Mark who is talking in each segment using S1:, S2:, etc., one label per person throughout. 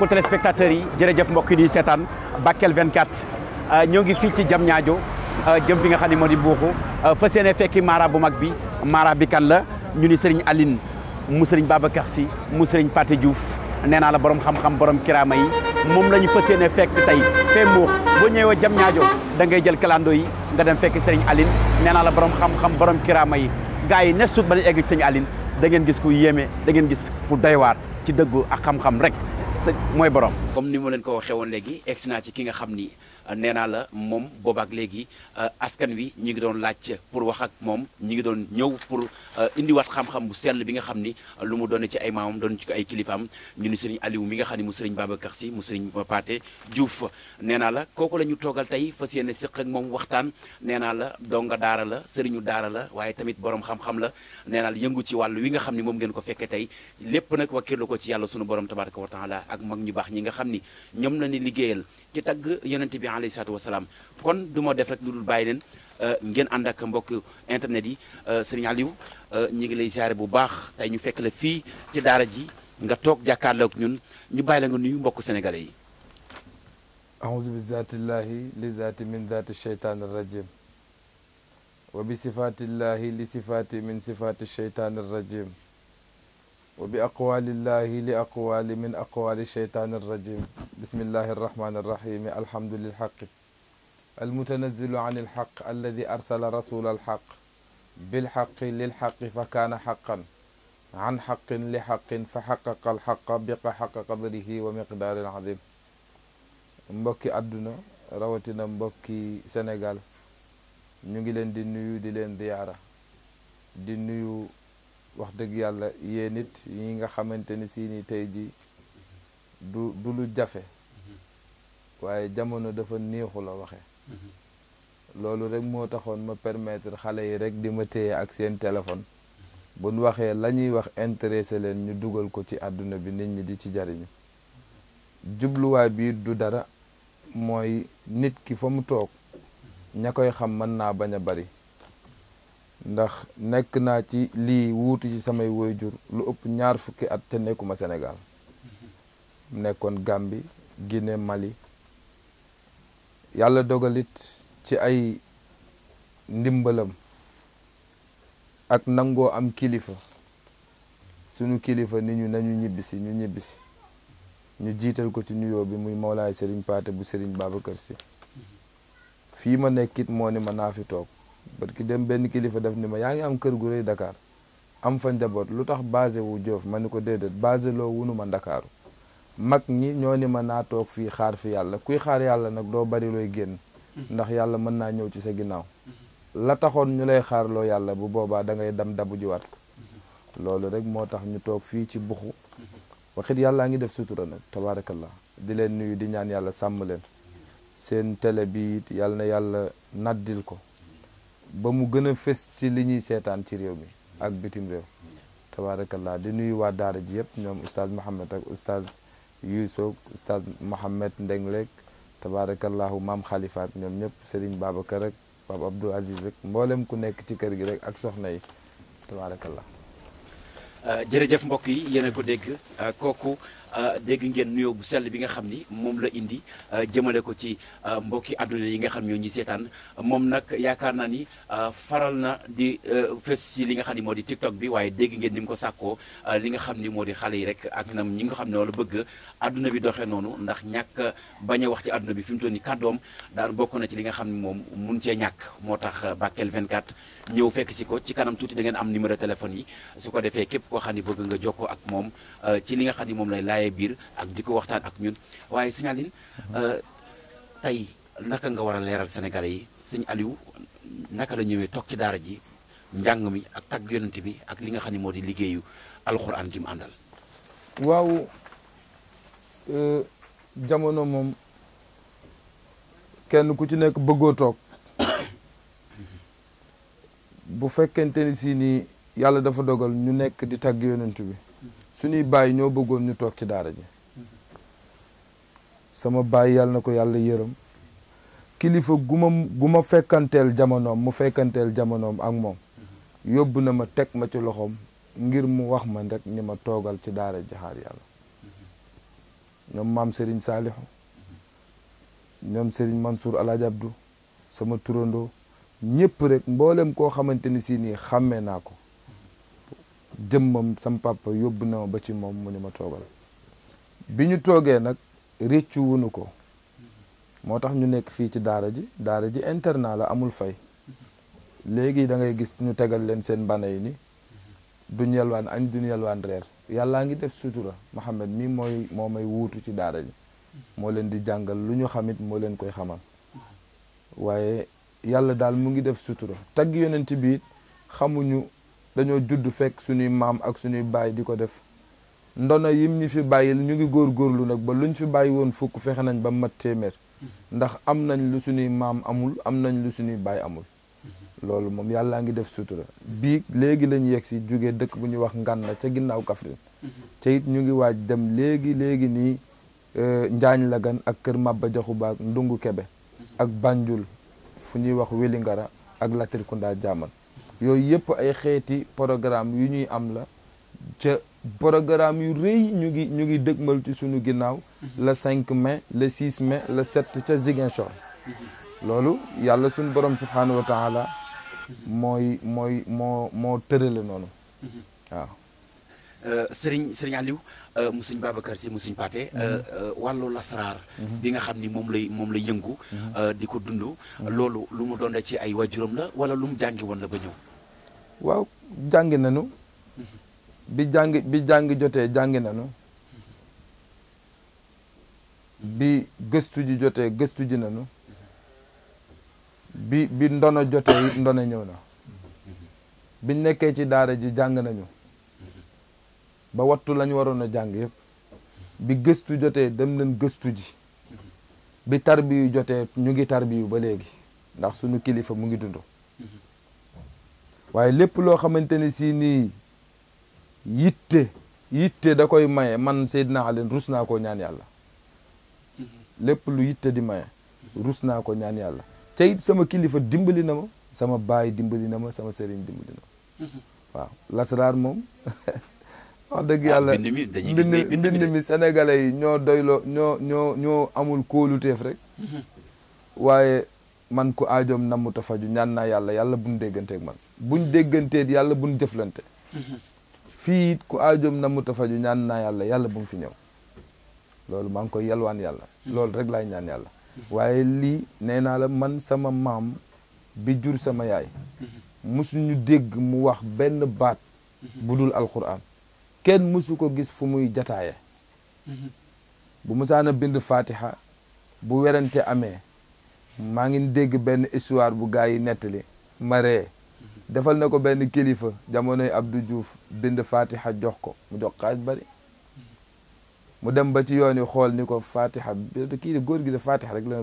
S1: ko telespectateur yi jërëjëf mbokk yi di Bakel 24 euh, ñoo ngi fi ci jam ñaajo euh, jëm fi nga xani modi buxu di euh, fa seene fekki mara bu mag bi mara bi kan la ñu ni serigne Aline mu serigne Babacar Sy mu serigne Paté Diouf nee la borom xam-xam borom kirama yi mom lañu ñu fa seene fekk tay fee muux boo ñëwee jam ñaajo da ngay jël kalando yi nga dem fekk serigne Aline nee la borom xam-xam borom kirama yi gaay ne suut ba ñu egg serigne Aline da ngeen gis ku yéeme da ngeen gis ku doy waar ci deggu ak xam-xam rek sëg mooy borom. comme ni ma leen ko waxee woon léegi egsi naa ci ki nga xam ni nee naa la moom boobaak léegi euh, askan wi ñu ngi doon laaj pour wax ak moom ñu ngi doon ñëw pour euh, indiwaat xam-xam bu sell bi nga xam ni euh, lu mu doon ci ay maamam doon ci ko ay kilifaam ñu ni sëriñ aliw mi nga xam ni mu sëriñ Babacar Sy mu sëriñ Pathé Diouf nee naa la kooku la ñu toogal tey fas yéene séq ak moom waxtaan nee naa la donga daara la sëriñu daara la waaye tamit borom xam la nee naa la yëngu ci wàllu wi nga xam ni moom ngeen ko fekkee tey lépp nag wakkirlu ko ci yàlla sunu borom tabaraka wa taala ak mag ñu baax ñi nga xam ni ñoom la ni liggéeyal ci tagg yonente bi alayhi salaatu wasalaam kon du ma def rek lu dul bàyyi leen euh, ngeen ànd ak mbokk internet yi euh, sëriñ Aliou euh, ñu ngi lay siyaare bu baax tey ñu fekk la fii ci daara ji nga toog jàkkaarloog ñun ñu bàyyi la nga nuyu mbokk sénégalais yi
S2: aoudu bi zatillahi li zati min zati sheytaani rajim wa bi sifatillahi li وبأقوال الله لأقوال من أقوال الشيطان الرجيم بسم الله الرحمن الرحيم الحمد للحق المتنزل عن الحق الذي أرسل رسول الحق بالحق للحق فكان حقا عن حق لحق فحقق الحق بحق قدره ومقدار عظيم مبكي أدنا روتنا مبكي سنغال ñu ngi leen نيو nuyu di leen ziyaara wax dëgg yàlla yéen nit yi nga xamante ni si tey ji du du jafe mm-hmm. waaye jamono dafa neexu la waxe mm-hmm. loolu rek moo taxoon ma permettre xale yi rek di ma téye ak seen téléphone mm-hmm. bu nu waxee la ñuy wax intéressé leen ñu dugal ko ci àdduna bi nit ñi di ci jariñu jubluwaay bi du dara mooy nit ki fa mu toog ña koy xam mën naa bañ a bari ndax nekk naa ci lii wuutu ci samay waajur lu ëpp ñaar fukki at te nekkuma Sénégal nekkoon gàmbi gine Mali yàlla dogalit ci ay ndimbalam ak nangoo am kilifa sunu kilifa ni ñu nañu ñibbisi ñu ñibbisi ñu jiital ko ci nuyoo bi muy Mawlaay Serigne Paate bu Serigne kër si fii ma nekkit moo ni ma naa fi toog parce que dem benn kilifa def ni ma yaa ngi am kër gu rëy dakaar am fa njaboot lu tax basé wu Joof ma ni ko déedéet basé loo wunu ma Ndakaaru mag ñi ñoo ni ma naa toog fii xaar fi yàlla kuy xaar yàlla nag doo bari looy génn mhm. ndax yàlla mën naa ñëw ci sa ginnaaw mhm. la taxoon ñu lay xaarloo yàlla bu boobaa dangay ngay dabu jiwaat ko mhm. loolu rek moo tax ñu toog fii ci buxu waxit yàllaa ngi def sutura nag tabaarakallah di leen nuyu di ñaan yàlla sàmm leen seen télé bi yàlla na yàlla naddil ko ba mu gën a fes ci li ñuy seetaan ci réew mi ak bitim réew tabarakallah di nuyu waa daara ji yëpp ñoom oustaz Mohamed ak oustaz Yousouk oustaz Mohamed Ndengleek tabarakallahu maam Khalifa ak ñoom ñëpp Serigne Babacar ak Pape Abdou Aziz mboolem ku nekk ci kër gi rek ak soxna yi tabarakallah euh,
S1: jërëjëf mbokk yi yéen a ko dégg euh, kooku Euh, dégg ngeen nuyoo bu sell bi nga xam ni moom la indi euh, jëmale ko ci euh, mbokki àdduna yi nga xam ñoo ñi seetaan moom nag yaakaar naa ni faral na di fës si li nga xam ni moo di bi waaye dégg ngeen ni mu ko sàkkoo li nga xam ni moo di xale yi rek ak ñi nga xam ne wala bëgg àdduna bi doxee noonu ndax ñàkk bañ wax ci àdduna bi fi mu toll ni kàddoom daan bokk na ci li nga xam ni moom mun cee ñàkk moo tax Bakel 24 ñëw fekk si ko ci kanam tuuti da ngeen am numéro téléphone yi su ko defee képp koo xam ni bëgg nga jokkoo ak moom ci li nga xam ni moom lay laaj laayee biir ak di ko waxtaan ak ñun waaye sëñ Aline euh, tey naka nga war a leeral Sénégalais yi sëñ Aliou naka la ñëwee toog ci daara ji njàng mi ak tagg yonent bi ak li nga xam ne moo di liggéeyu
S2: alxuraan ji mu euh, moom kenn ku ci nekk bëggoo toog bu fekkente ni si nii yàlla dafa dogal ñu nekk di tagg yonent bi. suñuy bàyyi ñoo bëggoon ñu toog ci daara ji sama bàyyi yàlla na ko yàlla yërëm kilifa gu ma gu ma fekkanteel jamonoom mu fekkanteel jamonoom ak moom yóbbu na ma teg ma ci loxoom ngir mu wax ma rek ni ma toogal ci daara ji xaar yàlla ñoom maam Serigne Saliou ñoom Serigne Mansour abdou sama turandoo ñëpp rek mboolem koo xamante ni si nii xàmmee naa jëmmam sam papa yóbbu na ma ba ci moom mu ni ma toogal bi ñu toogee nag réccu wuñu ko moo tax ñu nekk fii ci daara ji daara ji internat la amul fay léegi da ngay gis ñu tegal leen seen bana yi ni duñ yalwaan añ duñ yalwaan reer yàllaa ngi def sutura Mohamed mi mooy moo may wuutu ci daara ji moo leen di jàngal lu ñu xamit moo leen koy xamal waaye yàlla daal mu ngi def sutura tagg yonent bi it xamuñu dañoo judd fekk suñuy maam ak suñuy baay di ko def ndono yim ñi fi bàyyil ñu ngi góor góorlu nag ba lu ñu fi bàyyi woon fukk fexe nañ ba mat téeméer mhm. ndax am nañ lu suñuy maam amul am nañ lu suñuy baay amul mhm. loolu moom yàllaa ngi def sutura bii léegi lañ yegg si jóge dëkk bu ñuy wax Nganda ca ginnaaw Kaffrine ca mhm. it ñu ngi waaj dem léegi léegi nii euh, Njaañ la gan ak Kër Mabba Jaxu Ba Ndungu Kebe ak Banjul fu ñuy wax Welingara ak Latrikunda Jaaman yooyu yëpp ay xeeti programme yu ñuy am la ca programme yu rëy ñu ngi ñu ngi dëgmal ci suñu ginnaaw mhm. le cinq mais le 6 mais le 7 ca Ziguinchor mhm. loolu yàlla suñ borom subhaanahu wa taala mooy mooy moo moo tërale noonu mhm. waaw
S1: euh, sëriñ sëriñ Aliou euh, mu sëñ Babacar si mu sëñ Paate euh, wàllu lasraar bi nga xam ni moom lay moom lay yëngu di ko dund loolu lu mu doon ci ay waajuram la wala lu mu jàngi woon la ba ñëw
S2: waaw jàngi nañu mm-hmm. bi jàng bi jàng jotee jàngi nañu mm-hmm. bi gëstu ji jotee gëstu ji nañu bi bi ndono jotee ndone ñëw na
S3: mm-hmm.
S2: biñ nekkee ci daara ji jàng nañu ba wattu lañu waroon a jàng yëpp bi gëstu jotee dem gëstu ji bi tarbiyu jotee ñu ngi tarbiyu ba léegi ndax sunu kilifa mu ngi dund waaye lépp loo xamante ne si nii yitte yitte da koy maye man Seydina Alioune rus naa ko ñaan yàlla mm-hmm. lépp lu yitte di maye rus naa ko ñaan yàlla te sama kilifa dimbali na ma sama baay dimbali na ma sama sëriñ dimbali na ma mm-hmm. lasaraar moom wax dëgg ah, yàlla mbind mi sénégalais yi ñoo doyloo ñoo ñoo ñoo amul kóoluteef rek mm-hmm. waaye man ku aajoom namu ta faju ñaan naa yàlla yàlla bu mu dégganteeg man buñ dégganteet yàlla buñ jëflante mm-hmm. fii it ku aajoom na mu tafaju ñaan naa yàlla yàlla bu mu fi ñëw loolu maa ngi koy yalwaan yàlla mm-hmm. loolu rek laay ñaan yàlla mm-hmm. waaye lii nee naa la man sama maam bi jur sama yaay musuñu dégg mu wax benn baat bu dul alquran kenn musu ko gis fu muy jataaye bu musaana bind fatiha bu werante amee maa ngi dégg benn histoire bu gaa yi nettali ma ree defal na ko benn kilifa jamonoy Abdou juuf bind fatiha jox ko mu jox xaaj bari mu dem ba ci yoon yi xool ni ko fatiha kii de góor gi de fatiha rek la ma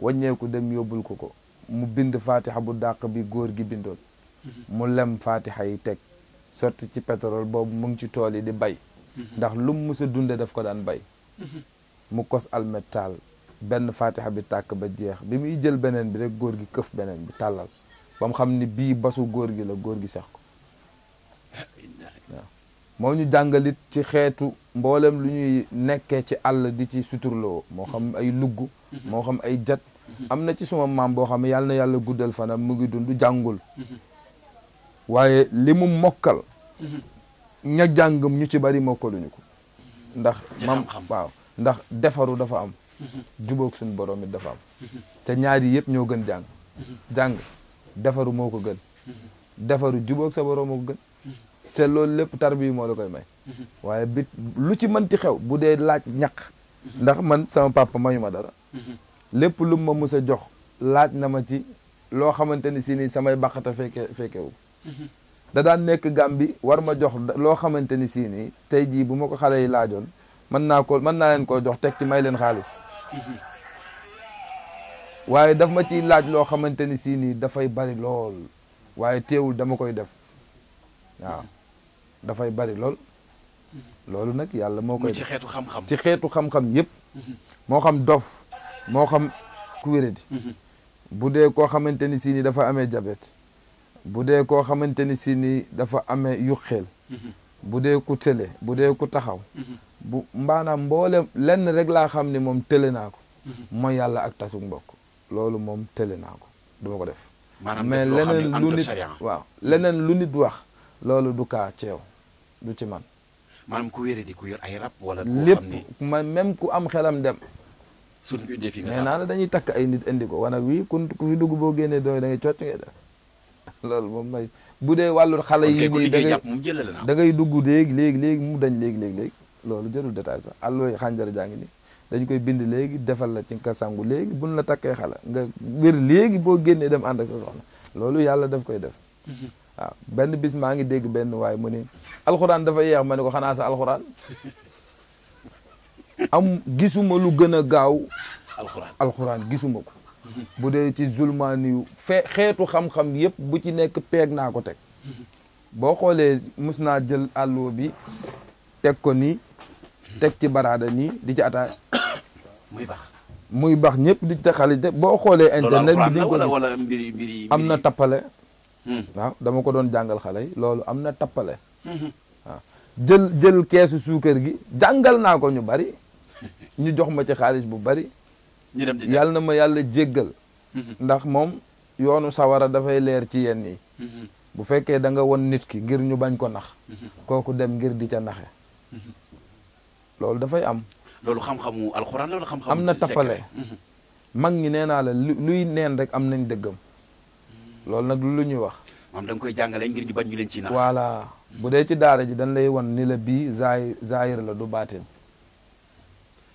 S2: wàññeeku dem yóbbul ko ko mu bind fatiha bu dàq bi góor gi bindoon mu lem fatiha yi teg sotti ci pétrole boobu mu ngi ci tool yi di bay ndax lu mu mës a dunde daf ko daan bay mu kos almet taal benn fatiha bi tàkk ba jeex bi muy jël beneen bi rek góor gi këf beneen bi tàllal ba xam ni bii basu góor gi la góor gi seex ko moo ñu jàngalit ci xeetu mboolem lu ñuy nekkee ci àll di ci suturloo moo xam ay lugg moo xam ay jat am na ci suma maam boo xam ne yàlla na yàlla guddal fanam mu ngi dund jàngul waaye li mu mokkal ña jàngam ñu ci bari mokkaluñu ko ndax maam waaw ndax defaru dafa am mhm. jubóog suñu borom dafa am te ñaari yëpp ñoo gën jàng jàng defaru moo ko gën mhm. defaru jubóog sa borom moo ko gën mhm. te loolu lépp tarbiyu moo la koy may mhm. waaye bit lu ci ci xew bu dee laaj ñaq ndax man sama papa mayu ma dara lépp lu ma mus a jox laaj na ma ci loo xamante ni si ni samay baqata fekke fekkewu da daan nekk Gàmbi war ma jox loo xamante ni si nii tey jii bu ma ko xale yi laajoon mën naa ko mën naa leen koo jox teg ci may leen xaalis waaye daf ma ciy laaj loo xamante ni si nii dafay bari lool waaye teewul dama koy def waaw dafay bari lool loolu nag yàlla moo koy ci xeetu xam-xam ci xeetu xam-xam moo xam dof moo xam ku wéradi bu dee koo xamante ni si dafa amee jabet bu dee koo xamante ni si nii dafa ame yuxeel bu dee ku tele bu dee ku taxaw bu maanaam mboolem lenn rek laa xam ne moom tële naa ko mooy yàlla ak tasug mbokk loolu moom tële naa ko duma ko def.
S3: mais leneen lu nit
S2: waaw leneen lu nit wax loolu du kaa ceew du ci man. maanaam ku wéré ku yor ay rab wala. koo xam man même ku am xelam dem. suñ ko indee fii nga sax naa takk ay nit indi ko wanag wi ku fi dugg boo génnee doy da ngay cocc ngay def loolu moom may bu dee wàllu xale yi. nii da ngay da ngay dugg léegi léegi léegi mu dañ léegi léegi léegi. loolu jërul détail sax àllooy xànjara jaa ngi nii. dañ koy bind léegi defal la ci nga sangu léegi buñ la takkee xala nga wér léegi boo génnee dem ànd ak sa soxna loolu yàlla daf koy def mhm. waaw benn bis maa ngi dégg benn waaye mu ne alxuraan dafa yeex ma ne ko xanaa sa alxuraan am gisuma lu gën a gaaw alxuraan alxuraan gisuma ko mhm. bu dee ci zulmaani yu fe xeetu xam-xam yëpp bu ci nekk peeg naa ko teg mhm. boo xoolee mus naa jël àlluwa bi teg ko nii teg ci baraada nii di ci ataay muy baax muy baax ñëpp di taxalite boo xoolee internet bi di ko am na tappale hmm. waaw dama ko doon jàngal xale yi loolu am na tappale hmm. waaw jël jël keesu suukar gi jàngal naa ko ñu bari ñu jox ma ci xaalis bu bari yàlla na ma yàlla jéggal hmm. ndax moom yoonu sawara dafay leer ci yenn yi bu fekkee danga won nit ki ngir ñu bañ ko nax kooku dem ngir di ca naxe loolu dafay am
S1: loolu xam-xamu xam-xamu. am na tappale mhm.
S2: mag ñi nee naa la luy neen rek am nañ dëggam loolu nag lu ñuy wax.
S1: maanaam koy jàngalee ngir ñu bañ ñu leen ci naan.
S2: voilà bu dee ci daara ji dañ lay wan ni la bii zaay zaayir la du baatin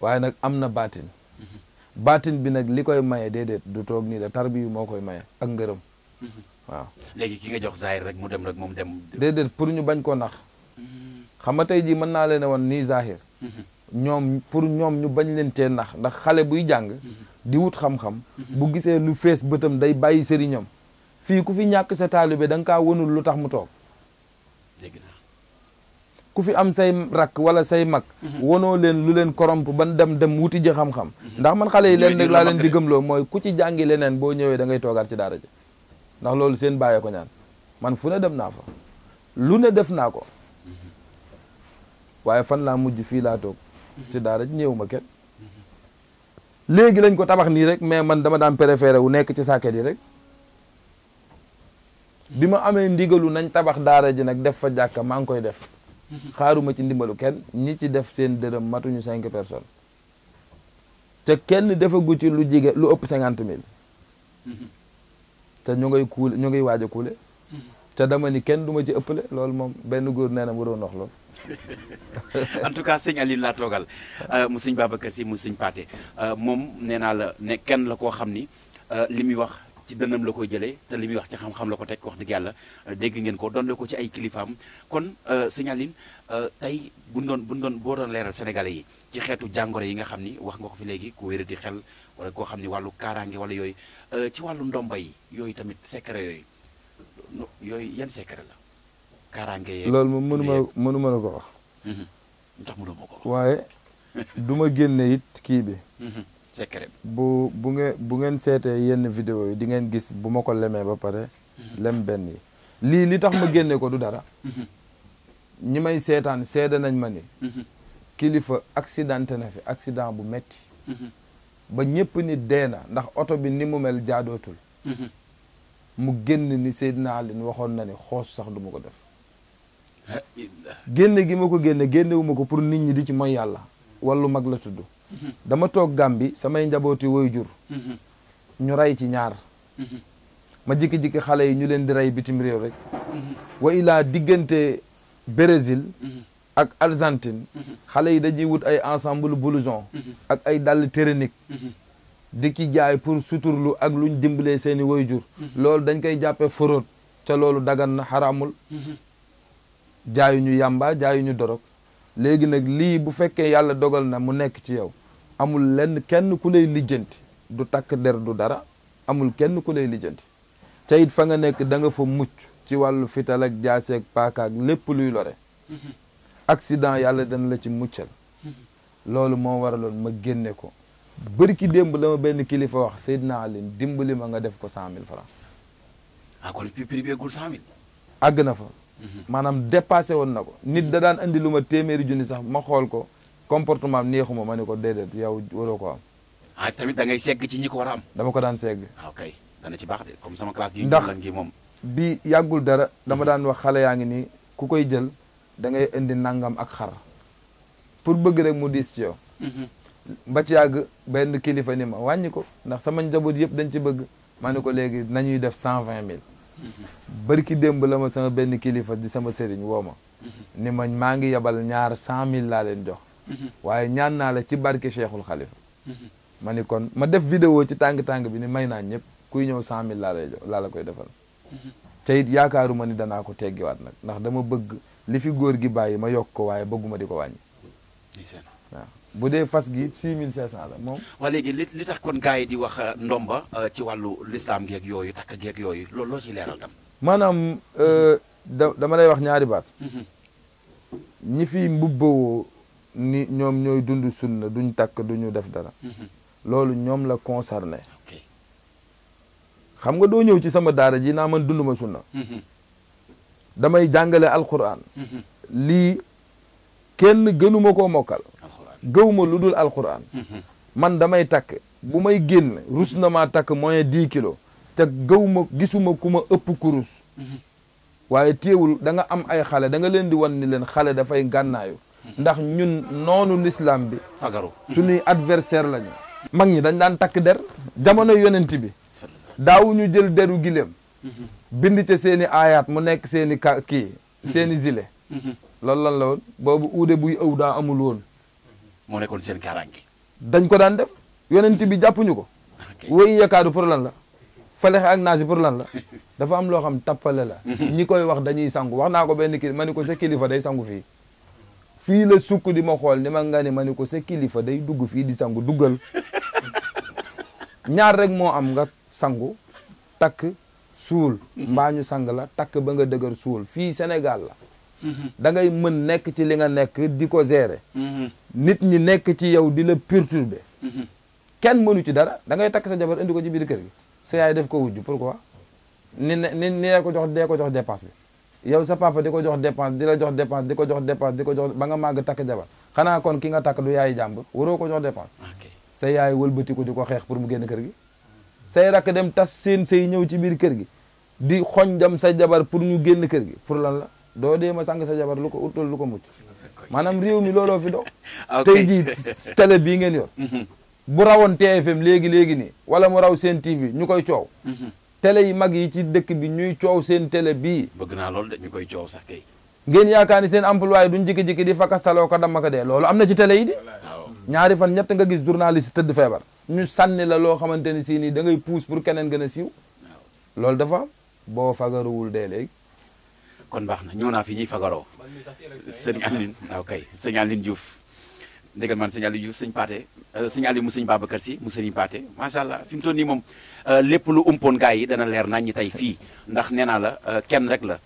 S2: waaye nag am na baatin mhm. baatin bi nag li koy maye déedéet du toog nii la tarbiyu moo koy maye ak ngërëm mhm. waaw.
S1: léegi ki nga jox zaayir rek mu dem rek moom dem.
S2: déedéet pour ñu bañ ko nax xam nga tey jii mën naa leen a wan nii zaahir ñoom pour ñoom ñu bañ leen cee ndax ndax xale buy jàng mhm. di wut xam-xam mhm. bu gisee lu fees bëtam day bàyyi sëriñam fii ku fi ñàkk sa taalibe da nga kaa wonul lu tax mu toog ku fi am say rakk wala say mag mhm. wonoo leen lu leen koromp ban dem dem wuti ji xam-xam ndax man xale yi leen rek laa leen di gëmloo mooy ku ci jàngi leneen boo ñëwee da ngay toogaat ci daara ji ndax loolu seen bàyyee ko ñaan man fu ne dem naa fa lu ne def naa ko waaye fan laa mujj fii laa toog ci daara ñëw ma kenn léegi lañ ko tabax nii rek mais man dama daan préféré wu nekk ci sàkket yi rek bi ma amee ndigalu nañ tabax daara ji nag def fa jàkka maa ngi koy def xaaruma ci ndimbalu kenn ñi ci def seen dërëm matuñu cinq personnes te kenn defagu ci lu jige lu ëpp cinquante mille te ñu ngay kuule ñu ngay waaj kuule te dama ni kenn du ma ci ëppale loolu moom benn góor nee na waroon wax loolu
S3: en tout cas
S1: sëñ laa toogal euh, mu sëñ Babacar si mu sëñ Paate euh, moom nee naa la ne kenn la koo xam ni euh, li muy wax ci dënnam la koy jëlee te li muy wax ci xam-xam la ko teg wax dëgg yàlla dégg ngeen ko doon ko ci ay kilifaam kon sëñ Aline tey bu doon doon boo doon leeral Sénégalais yi ci xeetu jàngoro yi nga xam ni wax nga ko fi léegi ku wéradi xel wala koo xam ni wàllu kaarange wala yooyu ci wàllu ndomba yi yooyu tamit secret yooyu yooyu yan secret la. kaaraange yeeg loolu moom
S2: mënu ma la ko wax. Mhm. waaye duma ma génne it kii bi. Mhm. secret bu bu ngeen seetee yenn vidéo yi di ngeen gis bu ma ko lemee ba pare. Mhm. lem benn yi lii li tax ma génne ko du dara. ñi may seetaan seede nañ ma ni. kilifa accidenté na fi accident bu metti ba ñépp ni dee ndax oto bi ni mu mel jaadootul. mu génn ni Seydina Alioune waxoon na ni xoos sax du ma ko def. génne gi ma ko génne génnewu ma ko pour nit ñi di ci mooy yàlla wallu mag la tudd dama toog Gàmbi samay njabooti woy jur ñu rey ci ñaar ma jikki-jikki xale yi ñu leen di rey bitim réew rek wa ilaa diggante Brésil ak Argentine xale yi dañuy wut ay ensemble blouson ak ay dàll térénique di ki jaay pour suturlu ak luñ dimbalee seeni woy jur loolu dañ koy jàppee forot ca loolu dagan na jaayuñu yàmba jaayuñu dorog léegi nag lii bu fekkee yàlla dogal na mu nekk ci yow amul lenn kenn ku lay lijjanti du takk der du dara amul kenn ku lay lijjanti te it fa nga nekk da nga fa mucc ci wàllu fital ak jaaseeg paakaak lépp luy lore accident yàlla dana la ci muccal loolu moo waraloon ma génne ko bëri ki démb la ma benn kilifa wax Seydina Aline dimbali ma nga def ko cent mille francs ah kon prix
S1: bi eggul cent mille
S2: àgg na fa Mhm. maanaam dépassé woon na ko nit da mhm. daan indi lu ma téeméeri junni sax ma xool ko comportement am neexuma ma ne ko déedéet yow waroo ko am
S1: ah tamit da ngay segg ci ñi ko war a am
S2: dama ko daan segg waaw ah, kay baax de comme sama classe gi ndax gi moom bi yàggul dara dama mhm. daan wax xale yaa ngi nii ku koy jël da ngay indi nangam ak xar pour bëgg rek mu diis ci yow ba ci yàgg benn kilifa ni ma wàññi ko ndax sama njaboot yëpp dañ ci bëgg ma ne ko léegi nañuy def cent vingt mille barki démb la ma sama benn kilifa di sama sëriñ woo ma ni ma maa ngi yebal ñaar cent mille laa leen jox waaye ñaan naa la ci barke Cheikhul Khalifa ma ni kon ma def vidéo ci tàng-tàng bi ni may naa ñëpp kuy ñëw cent mille laa lay la koy defal te yaakaaruma ni danaa ko teggiwaat nag ndax dama bëgg li fi góor gi bàyyi ma yokk ko waaye bëgguma di ko wàññi bu dee fas gi 6500 la moom.
S1: waaw léegi li li tax kon gars di wax euh, ndomba euh, ci wàllu lislaam géeg yooyu takk geeg yooyu loolu
S2: loo ci leeral tam. maanaam euh, da dama lay wax ñaari baat. Mhm. ñi fi mbubbawoo ni ñoom ñooy dund sunna duñ takk duñu def dara. Mhm. loolu ñoom la concerné. xam nga doo ñëw ci sama daara ji naa man dund ma sunna. Mhm. damay jàngale alquran. lii kenn gënuma ma koo mokkal. gëwuma lu dul alquran mhm. man damay takk bu may génn rus na maa takk moyen dix kilos te gëwuma gisuma ku ma ëpp kurus mhm. waaye téewul da nga am ay xale danga leen di wan ni leen xale dafay gànnaayu mhm. ndax ñun noonu lislaam bi suñuy adversaire lañu mag ñi dañ daan takk der jamono yonent bi daaw ñu jël deru gileem bind ca seen i mu nekk seeni ka kii seen i zile loolu lan la woon boobu uude buy ëw daa amul woon moo nekkoon seen kaaraange. dañ ko daan def yonent bi jàppuñu ko. ok wéy yakaadu pour lan la. falexe ak naasi pour lan la dafa am loo xam tappale la. ñi koy wax dañuy sangu wax naa ko benn kii ma ni ko sa kilifa day sangu fii. fii la sukk di ma xool ni ma nga ne ma ni ko sa kilifa day dugg fii di sangu duggal ñaar rek moo am nga sangu takk suul. Mm-hmm. mbaa ñu sang la takk ba nga dëgër suul fii Sénégal la. da ngay mën nekk ci li nga nekk di ko gérer.
S3: nit
S2: ñi nekk ci yow di la perturber. kenn mënu ci dara da ngay takk sa jabar indi ko ci biir kër gi sa yaay def ko wujj pourquoi ni ni ni ko jox dee ko jox dépense bi. yow sa papa di ko jox dépense di la jox dépense di ko jox dépense di ko jox ba nga màgg takk jabar xanaa kon ki nga takk du yaay jàmbur waroo ko jox dépense sa yaay walbati ko di ko xeex pour mu génn kër gi say rakk dem tas seen say ñëw ci biir kër gi di xoñ jam sa jabar pour ñu génn kër gi pour lan la doo dee ma sànq sa jabar lu ko utal lu ko mucc maanaam réew mi looloo fi do tey jii tele bii ngeen yor mhm. bu rawoon TFM léegi léegi nii wala mu raw seen TV ñu koy coow mhm. tele yi mag yi ci dëkk bi ñuy coow seen tele bi bëgg naa loolu de ñu koy coow sax kay ngeen yaakaar ni seen employé duñ jikki-jikki di fakastaloo ko damma ko dee loolo am na ci tele yi di ñaari fan ñett nga gis journaliste tëdd feebar ñu sànni la loo xamante ni si nii da ngay pousse pour keneen gën a siiw loolu dafa am boo dee léegi
S1: kon baax na ñëw naa fi ñuy fagaroo sëñ Aline waaw kay sëñ Aline Diouf man sëñ Aliou Diouf sëñ Paate euh, sëñ Aliou mu sëñ Babacar Si mu sëñ Paate macha allah fi mu nii moom euh, lépp lu umpoon gars yi dana leer nañ ñi tey fii ndax nee naa la euh, kenn rek la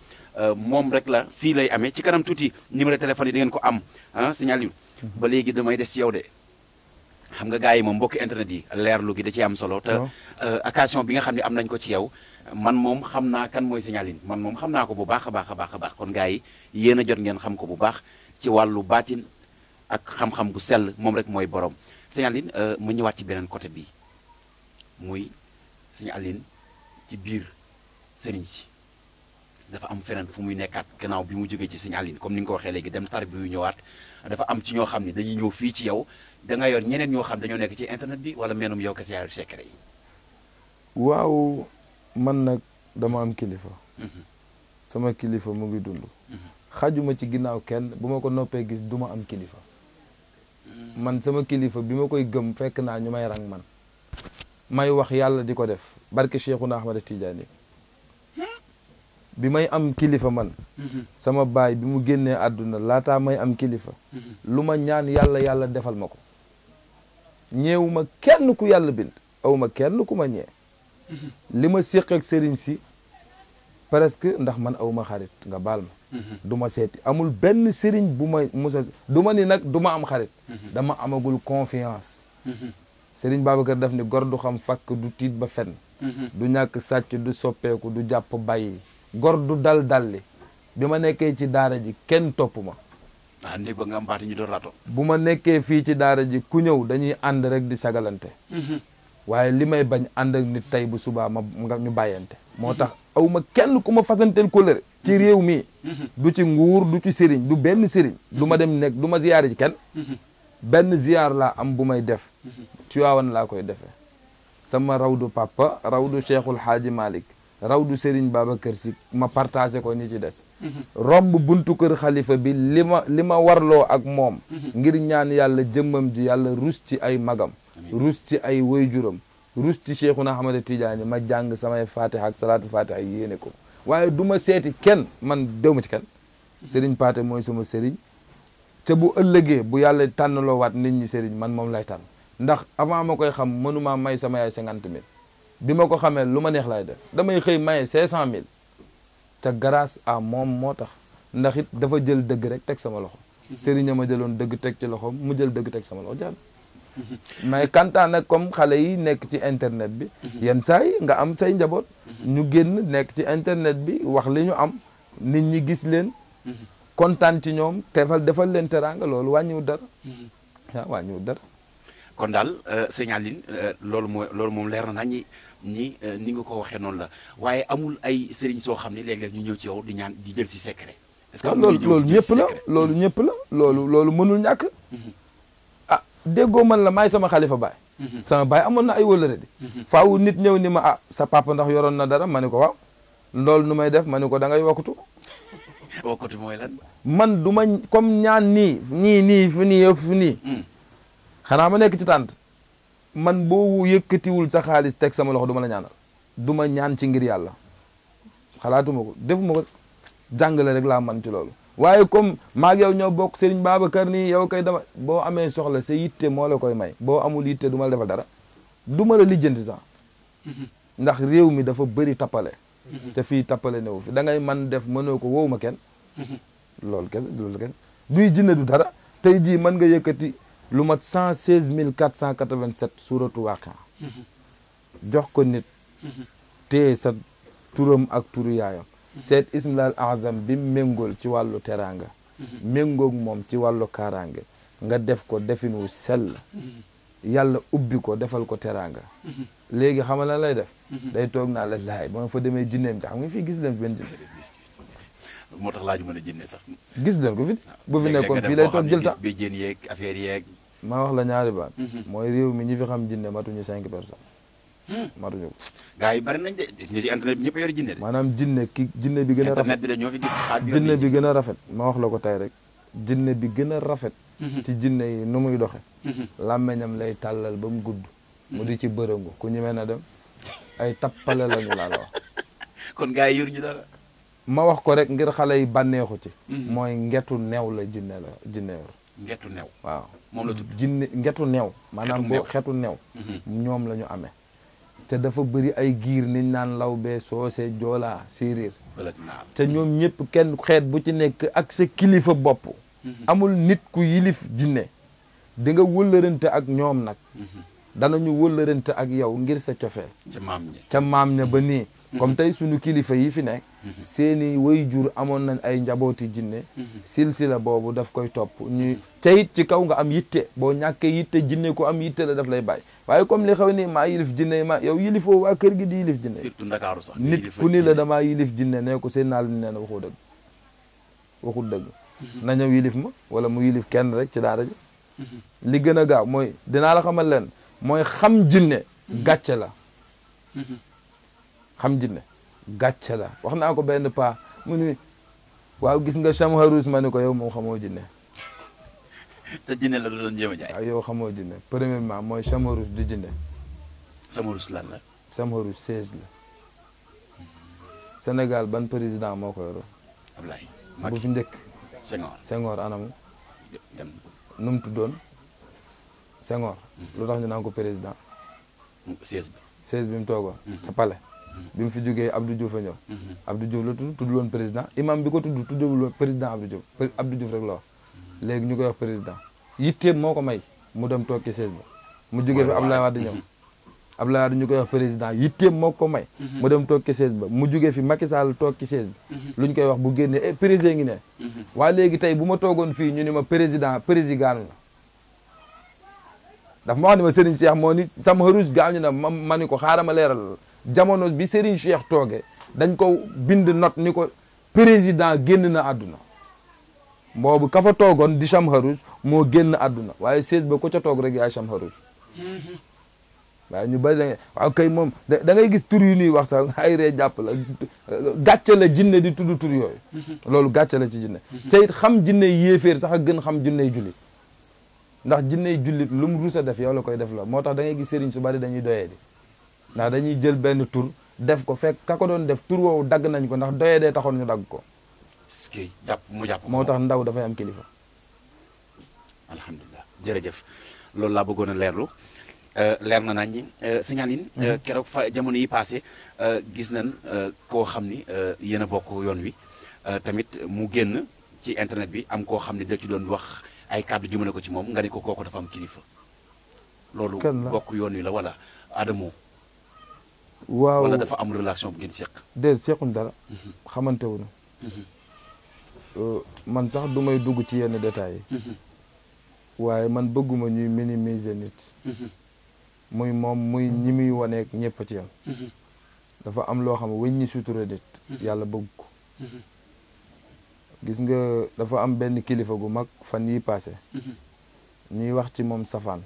S1: moom rek la fii lay amee ci kanam tuuti numéro téléphone yi di ngeen ko am ah sëñ Aliou mhm. ba léegi damay des ci yow de xam nga gars yi moom mbokk internet yi leerlu gi da ciy am solo te oh. euh, occasion bi nga xam ne am nañ ko ci yow man moom xam naa kan mooy señalin man moom xam naa ko bu baax a baax a baax kon gars yi yéen a jot ngeen xam ko bu baax ci wàllu baatin ak xam-xam bu sell moom rek mooy borom Signaline euh, ma ñëwaat ci beneen côté bi muy Signaline ci biir sëriñ si dafa am feneen fu muy nekkaat gannaaw bi mu jógee ci Signaline comme ni nga ko waxee léegi dem tar bi yu ñëwaat dafa am ci ñoo xam ne dañuy ñëw fii ci yow dangay nga yor ñeneen ñoo xam dañoo nekk ci internet bi wala meenum yow kese yaa
S2: waaw man nag dama am kilifa. Mhm. sama kilifa mu ngi dund. Mhm. xajuma ci ginnaaw kenn bu ma ko noppee gis du ma am kilifa. Mhm. man sama kilifa bi ma koy gëm fekk naa ñu may rang man. may wax yàlla di ko def barke Cheikhuna Ahmada Tidiane hmm? bi may am kilifa man. sama baay bi mu génnee àdduna laataa may am kilifa. lu ma ñaan yàlla yàlla defal ma ko. ñeewuma kenn ku yàlla bind awma kenn ku ma ñee li ma séq ak sëriñ si presque ndax man awma xarit nga baal ma du ma seeti amul benn sëriñ bu ma musa du ma ni nag du ma am xarit dama amagul confiance sëriñ Babacar daf ni gor du xam fakk du tiit ba fenn du ñàkk sàcc du soppeeku du jàpp bàyyi gor du dal dalli bi ma nekkee ci daara ji kenn topp ma ah néeg ba nga am baati ñu doo rato bu ma nekkee fii ci daara ji ku ñëw dañuy ànd rek di sagalante. Mhm. waaye li may bañ ànd ak nit tey bu subaa ma nga ñu bàyyante. moo mhm. tax aw ma kenn ku ma fasanteel kóllëre ci mhm. réew mi. du ci nguur du ci sëriñ du benn sëriñ. du ma dem nekk du ma ziyaar ji kenn. benn ziyaar la am bu may def. Tiwaawan laa koy defee. sama rawdu papa rawdu Cheikhul Xaaji Malick. raw rawdu Serigne Babacar Sy ma partagé ko ñi ci des mhm. romb buntu kër xalifa bi lima ma li ma warloo ak moom mhm. ngir ñaan yàlla jëmmam ji yàlla rus ci ay magam rus ci ay wayjuram rus ci Cheikhuna Ahmada Tidiane ma jàng samay fatiha ak salaatu fatiha yéene ko waaye du ma seeti kenn man dew ma ci kenn mhm. Serigne Paate mooy sama Serigne te bu ëllëgee bu yàlla tànnaloo waat nit ñi Serigne man moom lay tànn ndax avant ma koy xam mënuma may sama yaay cinquante bi ma ko xamee lu ma neex laay def damay xëy maye cinq cent mille te grâce à moom moo tax ndax it dafa jël dëgg rek teg sama loxo sëriñ ma jëloon dëgg teg ci loxo mu jël dëgg teg sama loxo jàll mais kantaa nag comme xale yi nekk ci internet bi yenn saa nga am say njaboot ñu génn nekk ci internet bi wax li ñu am nit ñi gis leen kontaan ci ñoom tefal defal leen teraanga loolu wàññiwu dara waaw mm-hmm. ah, wàññiwu dara
S1: kon daal euh, sëñ Aline euh, loolu mooy loolu moom leer na nañ ñi ni euh, ni nga ko waxee noonu la waaye amul ay sëriñ soo xam ne léeg ñu ñëw ci yow di ñaan di jël si secret. est que ah, loolu loolu ñëpp
S2: la loolu ñëpp la loolu loolu mënul ñàkk. Mhm. Ah, déggoo man la maay sama xalifa baay. Mhm. sama baay amoon na ay wëllëre
S3: mhm.
S2: nit ñëw ni ma ah sa papa ndax yoroon na dara ma ni ko loolu nu may def ma ni ko da ngay mooy lan. man du ma comme ñaan nii nii nii fi nii. xanaa ma nekk ci tànt man boo yëkkatiwul sa xaalis teg sama loxo du ma la ñaanal duma ñaan ci ngir yàlla xalaatuma ko defuma ko jàngale rek laa man ci loolu waaye comme maag yow ñoo bokk Serigne kar ni yow kay dama boo amee soxla sa yitte moo koy may boo amul yitte du ma defal dara du ma la lijjanti sax mm-hmm. ndax réew mi dafa bari tappale
S3: mm-hmm. te
S2: fii tappale newu fi da ngay man def mënoo ko wow ma kenn mm-hmm. loolu kenn loolu kenn duy du dara tey jii mën nga yëkkati lu mat cent seize mille quatre cent quatre vingt sept suuratu waaqia jox ko nit téye sa turam ak turu yaayam seet ismilal azam bi méngool ci wàllu teraanga méngoog moom ci wàllu kaaraange nga def ko defin wu sell yàlla ubbi ko defal ko teraanga léegi xam lan lay def day toog naa la laay ba nga fa demee jinneem ci xam nga fi gis leen benn jinne
S1: moo tax laaju mën a jinne sax
S2: gis leen ko fi bu fi nekkoon fii lay toog jël tax
S1: bi jën yeeg affaire yeeg
S2: maa wax la ñaari baat. Mhm. mooy réew mi ñi fi xam jinne matuñu cinq personnes. Hmm. matuñu ko. gars yi maanaam jinne ki jinne bi gën a rafet bi la ñoo fi bi gën a rafet ma wax la ko tey rek. jinne bi gën a rafet. Mhm. ci jinne yi nu muy doxe mhm. làmmeñam lay tàllal ba mu gudd. mu di ci bërëngu ku ñemee na dem ay tappale lañu laa la wax. ma wax ko rek ngir xale yi bànneexu ci. mooy ngetu neew la jinne la jinne yor. ngetu neew waaw. moom la mm-hmm. jinne ngetu neew maanaam boo xetu neew mm-hmm. ñoom lañu ame amee te dafa bëri ay giir ni naan lawbee soosee joolaa séeréer te ñoom ñëpp kenn xeet bu ci nekk ak sa kilifa bopp
S3: mm-hmm. amul
S2: nit ku yilif jinne di nga ak ñoom nag danañu wëllërante ak yow ngir sa cofeel ca maam ña ba nii comme tey suñu kilifa yi fi nekk seeni way jur amoon nañ ay njabooti jinne mhm. silsila boobu daf koy topp ñu te it ci kaw nga am yitte boo ñàkkee yitte jinne ko am yitte la daf lay bàyyi waaye comme li xaw ni maa yilif jinne yi maa yow yilifoo waa kër gi di yilif jinne surtout Ndakaaru sax nit ku ni la damaa yilif jinne ne ko seen naa li nee na waxoo dëgg waxul dëgg mhm. na ñëw yilif ma wala mu yilif kenn rek ci daara ji mhm. li gën a gaaw mooy dinaa la xamal leen mooy xam jinne gàcce la xam jinne gàcce la wax naa ko benn paa mu ni waaw gis nga Chamharous ma ni ko yow moom xamoo jinne te jinne la doon jéem yow xamoo jinne premièrement mooy Chamharous du jinne. Chamharous lan la. la. Sénégal ban président moo ko yoroon. Ablaye Macky fi njëkk. Senghor Senghor anam. dem nu mu tuddoon Senghor. Mhm. lu tax ñu naan ko président. siège bi bi mu toogoon. te mhm. Palais. bi mu fi jógee Abdou Diouf a ñëw. Mhm. Abdou Diouf la tudd tudd woon président imam bi ko tudd tuddul woon président Abdou Diouf Abdou Diouf rek la mhm. léegi ñu koy wax président yitteem moo ko may mu dem toog ci siège bi mu jógee fi Abdoulaye Wade ñëw. Abdoulaye Wade ñu koy wax président yitteem moo ko may. Mhm. mu dem toog ci ba mu jugee fi Macky Sall toog ci siège bi. luñ koy wax bu génnee eh président ngi ne. waaye léegi tey bu ma toogoon fii ñu ni ma président président la. daf ma wax ne ma Serigne Cheikh moo ni sama ruus gaañu na ma ma ni ko xaaral ma leeral jamono bi Serigne Cheikh tooge dañ ko bind not ni ko président génn na àdduna boobu ka fa toogoon di Chamharouj moo génn àdduna waaye sées ba ko ca toog rek yaay Chamharouj mm-hmm. waaye ñu bari da kay moom da ngay gis tur yu nuy wax sax ay ree jàpp la gàcce la jinne di tudd tur yooyu mm-hmm. loolu gàcce la ci jinne mm-hmm. te xam jinne yéeféer sax a gën xam jinney jullit ndax jinney jullit lu mu rus a def yow la koy def la moo tax da ngay gis sëriñ su bari dañuy doyee di ndax dañuy jël benn tur def ko fekk ka ko doon def tur woowu dagg nañ ko ndax doyee dee taxoon ñu dagg ko. est jàpp mu jàpp moo tax ndaw dafay am kilifa.
S1: jërëjëf loolu laa bëggoon a leerlu. Euh, leer na nañ ñi euh, signalin mhm. euh, keroog fa jamono yi passé gis nañ koo xam ni yéen a bokk yoon wi tamit mu génn ci internet bi am koo xam ni da ci doon wax ay kàddu jumale ko ci moom nga ni ko kooku dafa am kilifa loolu yoon wi la wala Adamo waaw wala dafa am relation bu ngeen seq.
S2: déedéet sequñ dara. Mhm. xamante wu mhm. euh, man sax dumay dugg ci yenn détails yi. Mhm. waaye man bëgguma ñuy minimiser nit. muy moom muy ñi muy waneeg ñëpp ci yam dafa am loo xam ne wëñ ñi sutura nit. yàlla bëgg ko. gis nga dafa am benn kilifa gu mag fan yi paase. ñuy wax ci moom safaan.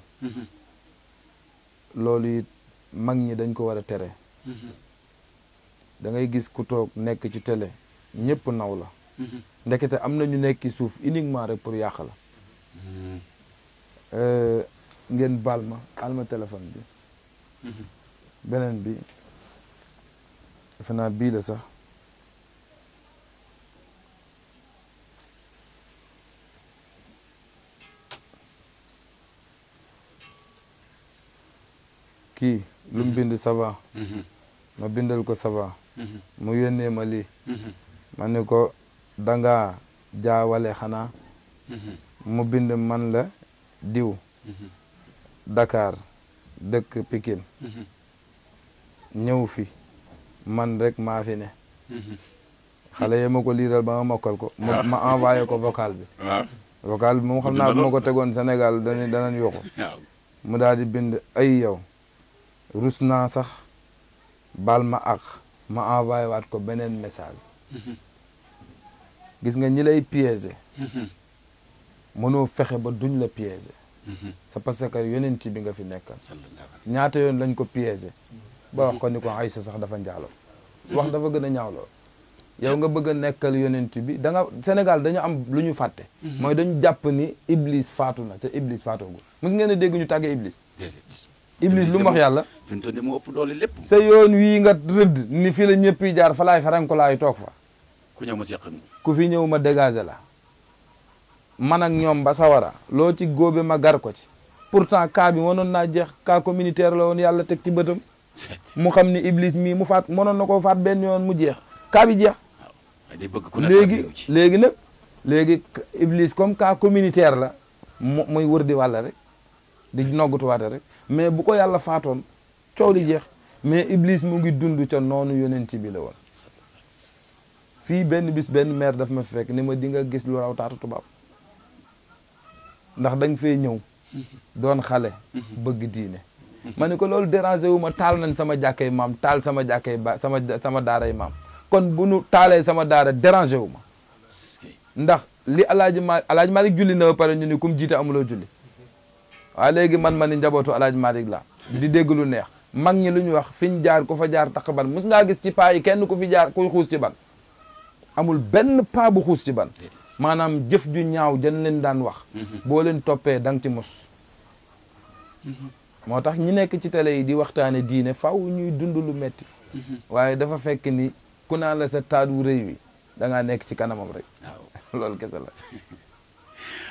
S2: loolu it mag ñi dañ ko war a tere. da ngay gis ku toog nekk ci télé ñépp naw la ndekete am na ñu nekki suuf uniquement rek pour yàq la euh, ngeen baal ma alma téléphone bi beneen bi defe naa bii la sax kii lu mu bind ça ma bindal ko saba mhm. mu yónnee ma lii mhm. ma ne ko danga jaawale xanaa mhm. mu bind man la diw Dakar dëkk pikin ñëw fi man rek maa fi ne xale yi ma ko liiral ba ma mokkal ko ma envoyé ko vocal bi vocal bi moom xam naa bu ma ko tegoon senegal dana danañ mu daal di bind ay yow rus naa bal ma ak ma envoyé waat ko beneen message gis nga ñi lay piéger mënoo fexe ba duñ la piéger c'est parce que yonent bi nga fi nekkal ñaata yoon lañ ko piéger ba wax ko ni ko Aïssa sax dafa njaalo wax dafa gën a ñaawloo yow nga bëgg nekkal yonent bi da nga Sénégal dañu am lu ñu fàtte mhm. mooy dañu jàpp ni Iblis faatu na te Iblis faatoogul mos ngeen a dégg ñu tàggee Iblis iblis lu mu yàlla
S1: fi mu moo ëpp doole lépp
S2: sa yoon wii nga rëdd ni fii la ñëpp yi jaar falaay laay laay toog fa ku ma seq ku fi ñëw ma dégagé la man ak ñoom ba sawara loo ci góobe ma gar ko ci pourtant cas bi mënoon naa jeex kaa communautaire la woon yàlla teg ci bëtam mu xam ni iblis mii mu faat mënoon na koo faat benn yoon mu jeex cas bi jeex léegi léegi nag léegi iblis comme kaa communautaire la mu muy wër di wàlla rek di noggutuwaate rek mais bu ko yàlla faatoon coow li jeex mais Iblis mu ngi dund ca noonu yonent bi la woon fii benn bis benn maire daf ma fekk ni ma dinga gis lu raw taatu tubaab ndax dañ fee ñëw doon xale bëgg diine ma ne ko loolu dérangé wu ma taal nañ sama jàkkay maam taal sama jàkkay ba sama sama daaray maam kon bu nu taalee sama daara dérangé wu ma ndax li alaaji ma alaaji Malik julli na ba pare ñu ni kum jiite amuloo julli waa léegi man ma ni njabootu alaaj Malick la di dégg lu neex mag ñi lu ñu wax fi ñu jaar ko fa jaar taq ban mus ngaa gis ci paa yi kenn ku fi jaar kuy xuus ci ban amul benn paa bu xuus ci ban maanaam jëf ju ñaaw jën leen daan wax mhm. boo leen toppee da nga ci mus mhm. moo tax ñu nekk ci tele yi di waxtaane diine faw ñuy dund lu metti mhm. waaye dafa fekk ni ku naa la sa taat wu rëy wi da nekk ci kanamam rek loolu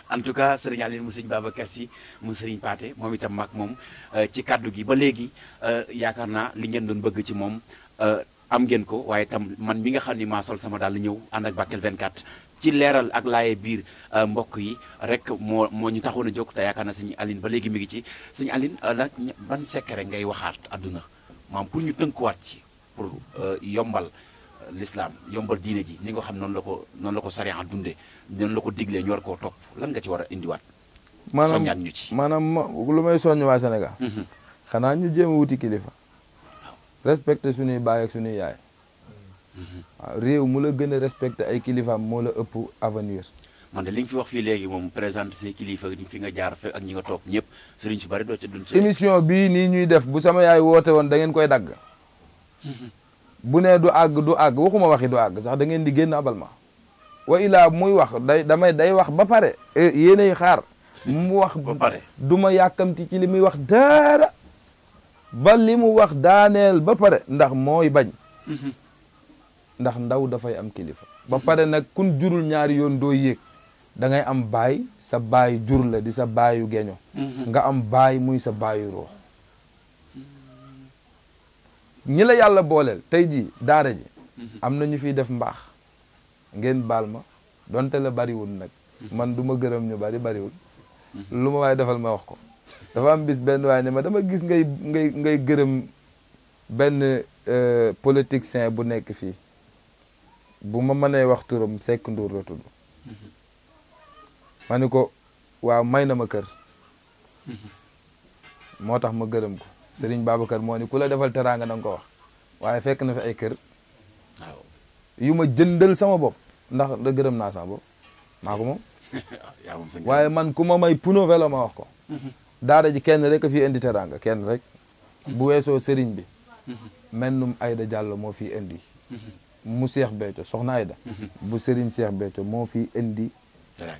S1: en tout cas sëriñ Aline mu sëriñ Babacar Sy mu sëriñ Paate moom itam mag moom euh, ci kaddu gi ba léegi euh, yaakaar naa li ngeen doon bëgg ci moom euh, am ngeen ko waaye tam man bi nga xam ni maa sol sama daal ñëw ànd ak Bakel 24 ci leeral ak laaye biir mbokk yi rek moo moo ñu taxoon a jóg te yaakaar naa sëriñ Aline ba léegi mu ngi ci sëriñ alin nag ban secret ngay waxaat àdduna maam pour ñu tënkuwaat ci pour yombal l'islam yombal diine ji ni nga xam noonu la ko noonu la ko sariya dundee noonu la ko diglee ñu war koo topp lan nga ci
S2: war a indiwaat. soññaat ñu ci maanaam lu may soññ waa senegal mhm. xanaa ñu jéem a wuti kilifa. respecté suñuy baay ak yaay. Mhm. réew mu la gën a respecté ay kilifaam moo la ëpp avenir.
S1: man de li nga fi wax fii léegi moom présenté say kilifa fi nga jaar fe ak ñi nga toog ñëpp sëriñ si bari doo ca dund. émission
S2: bii nii ñuy def bu sama yaay woote woon da ngeen koy dagg. Mhm. bu nee du àgg du àgg waxuma waxi du àgg sax da ngeen di génn abal ma wa ilaa muy wax day damay day wax ba pare e, yéenay xaar mu wax ba duma du ma yàkkamti ci li muy wax dara ba li mu wax daaneel ba pare ndax mooy bañ mhm. ndax ndaw dafay am kilifa ba mhm. pare nag kun jurul ñaari yoon doo yéeg da ngay am baay sa baay jur la di sa yu geño mhm. nga am baay muy sa baayu ruux ñi la yàlla booleel tey jii daara ji mhm. am na ñu fi def mbaax ngeen baal ma donte la bariwul nag mhm. man duma gërëm ñu bari bariwul mhm. lu ma waaye defal ma wax ko dafa am bis benn waaye ne ma dama gis ngay ngay ngay gërëm benn euh, politicien bu nekk fii bu ma mënee wax turam Seck Ndour la tudd ma ni ko waaw may na ma kër moo tax ma gërëm ko Serigne Babacar moo ni ku la defal teraanga na ko wax waaye fekk na fi ay kër yu ma jëndal sama bopp ndax da gërëm naa sama bopp maa moom waaye man ku ma may puno vélo ma wax ko mhm. daara ji kenn rek a fi indi teraanga kenn rek mhm. bu weesoo sëriñ bi mhm. mennum Ayda Diallo moo fi indi mu Seex Béthio soxna Ayda bu Serigne Seex Béthio moo fi indi